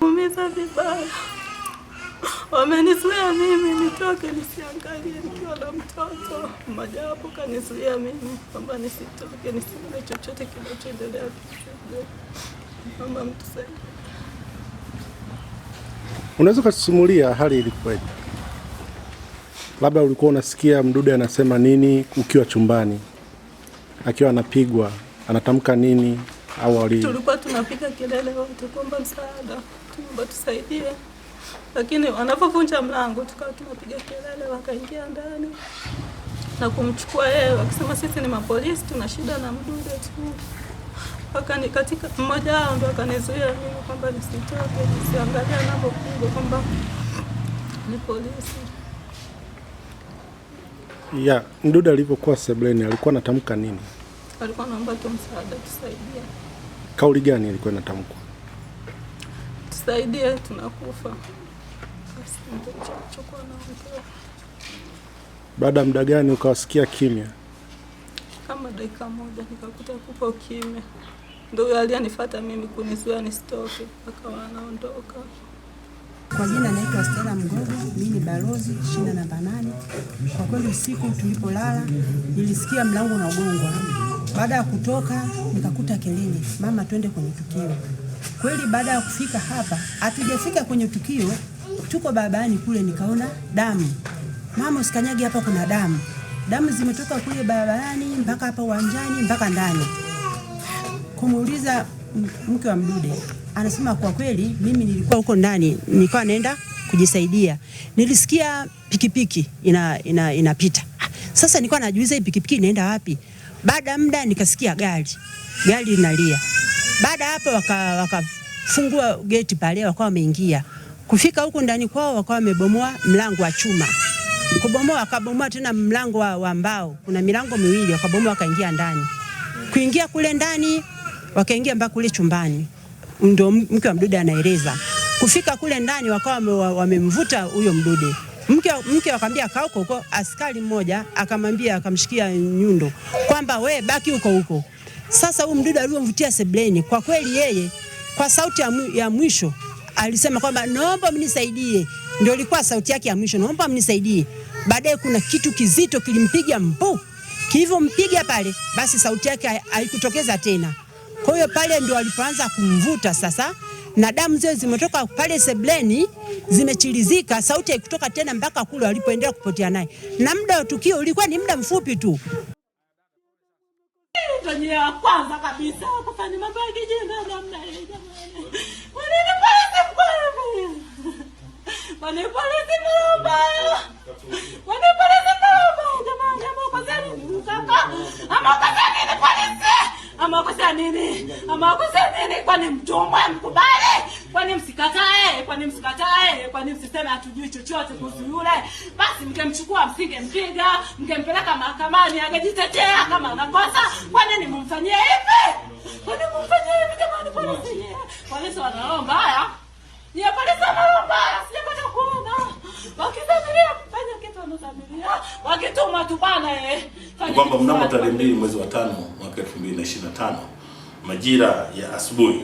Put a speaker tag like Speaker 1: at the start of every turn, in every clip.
Speaker 1: umiza vibaya. Wamenizuia mimi nitoke nisiangalie nikiwa na mtoto. Mmoja wapo kanizuia mimi kwamba nisitoke nisione chochote kinachoendelea. Mama, mtusaidie.
Speaker 2: Unaweza ukasimulia hali ilikuwaje? Labda ulikuwa unasikia Mdude anasema nini ukiwa chumbani, akiwa anapigwa, anatamka nini? awali
Speaker 1: Tulikuwa tunapiga kelele wote kuomba msaada, tuomba tusaidie, lakini wanapovunja mlango tukawa tunapiga kelele, wakaingia ndani na kumchukua yeye, wakisema sisi ni mapolisi, tuna shida na Mdude tu. Wakani katika mmoja wao ndo akanizuia mimi kwamba nisitoke, nisiangalia anapopigwa kwamba ni polisi.
Speaker 2: Ya Mdude alivyokuwa sebleni, alikuwa anatamka nini?
Speaker 1: Alikuwa anaomba tu msaada, tusaidia
Speaker 2: kauli gani ilikuwa inatamkwa?
Speaker 1: Tusaidie, tunakufa.
Speaker 2: Baada ya muda gani ukawasikia kimya?
Speaker 1: Kama dakika moja, nikakuta kupo kimya. Ndio aliyenifuata mimi kunizuia nisitoke, akawa anaondoka.
Speaker 3: Kwa jina naitwa Stella Mgogo, mimi ni balozi shina namba nane. Kwa kweli usiku tulipolala nilisikia mlango unagongwa baada ya kutoka nikakuta kelini, mama, twende kwenye tukio. Kweli baada ya kufika hapa, hatujafika kwenye tukio, tuko barabarani kule, nikaona damu. Mama, usikanyagi hapa, kuna damu. Damu zimetoka kule barabarani mpaka hapa uwanjani mpaka ndani. Kumuuliza mke wa Mdude, anasema kwa kweli mimi nilikuwa huko ndani, nilikuwa naenda kujisaidia, nilisikia pikipiki inapita ina, ina ah, sasa nilikuwa najiuliza hii pikipiki inaenda wapi? Baada ya muda nikasikia gari gari inalia. Baada hapo wakafungua waka geti pale, wakawa wameingia. Kufika huku ndani kwao, wakawa wamebomoa mlango wa chuma, kubomoa wakabomoa tena mlango wa, wa mbao. Kuna milango miwili, wakabomoa wakaingia ndani. Kuingia kule ndani, wakaingia mpaka kule chumbani, ndio mke wa Mdude anaeleza. Kufika kule ndani, wakawa wamemvuta huyo Mdude mke, mke akamwambia akaa huko huko. Askari mmoja akamwambia akamshikia nyundo kwamba we baki huko huko. Sasa huyu mdudu aliyomvutia sebleni, kwa kweli yeye kwa sauti ya mwisho alisema kwamba naomba mnisaidie, ndio ilikuwa sauti yake ya mwisho, naomba mnisaidie. Baadaye kuna kitu kizito kilimpiga mpu, mpiga pale, basi sauti yake haikutokeza tena. Kwa hiyo pale ndio alipoanza kumvuta sasa na damu zile zimetoka pale sebleni zimechilizika, sauti haikutoka tena mpaka kule walipoendelea kupotea naye, na muda wa tukio ulikuwa ni muda mfupi tu.
Speaker 4: Ndio ya kwanza kabisa kufanya mambo ya kijinga namna hii jamani. Amekosa nini? Amekosa nini? Kwani mtumwa mkubali? Kwani msikatae? Kwani msikatae? Kwani msiseme hatujui chochote kuhusu yule? Basi mkemchukua msingempiga, mkempeleka mahakamani angejitetea kama anakosa. Kwani nimumfanyie hivi? Kwani mumfanyie hivi kama polisi? Polisi wanaomba haya. Ni polisi wanaomba, sijapata kuona. Wakidhamiria kufanya kitu wanadhamiria. Wakituma tu bana eh.
Speaker 5: Kwamba mnamo tarehe mbili mwezi wa tano mwaka 2025 majira ya asubuhi,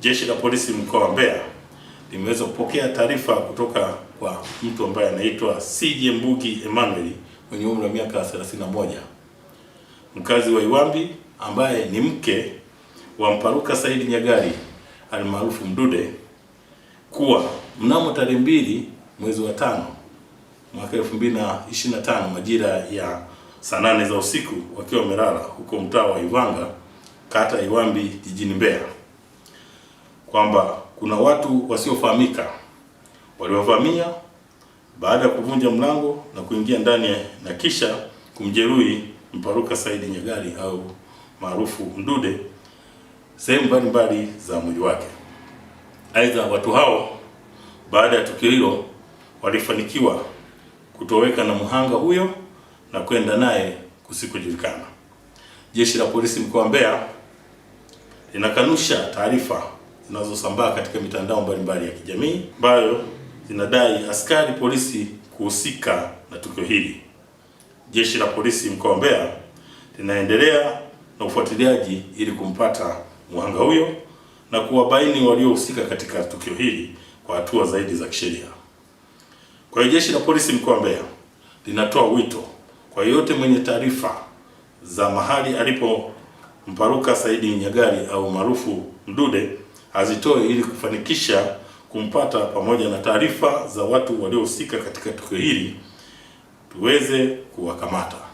Speaker 5: jeshi la polisi mkoa wa Mbeya limeweza kupokea taarifa kutoka kwa mtu ambaye anaitwa CJ Mbugi Emmanuel mwenye umri wa miaka 31 mkazi wa Iwambi ambaye ni mke wa mparuka Saidi Nyagari almaarufu Mdude kuwa mnamo tarehe mbili mwezi wa tano mwaka 2025 majira ya saa nane za usiku wakiwa wamelala huko mtaa wa Ivanga kata Iwambi jijini Mbeya, kwamba kuna watu wasiofahamika waliovamia baada ya kuvunja mlango na kuingia ndani na kisha kumjeruhi Mparuka Saidi Nyagali au maarufu Mdude sehemu mbalimbali za mwili wake. Aidha, watu hao baada ya tukio hilo walifanikiwa kutoweka na mhanga huyo na kwenda naye kusikujulikana. Jeshi la polisi mkoa wa Mbeya linakanusha taarifa zinazosambaa katika mitandao mbalimbali ya kijamii ambayo zinadai askari polisi kuhusika na tukio hili. Jeshi la polisi mkoa wa Mbeya linaendelea na ufuatiliaji ili kumpata mhanga huyo na kuwabaini waliohusika katika tukio hili kwa hatua zaidi za kisheria. Kwa hiyo jeshi la polisi mkoa wa Mbeya linatoa wito kwa yote mwenye taarifa za mahali alipo Mparuka Saidi Nyagali au maarufu Mdude azitoe ili kufanikisha kumpata, pamoja na taarifa za watu waliohusika katika tukio hili tuweze kuwakamata.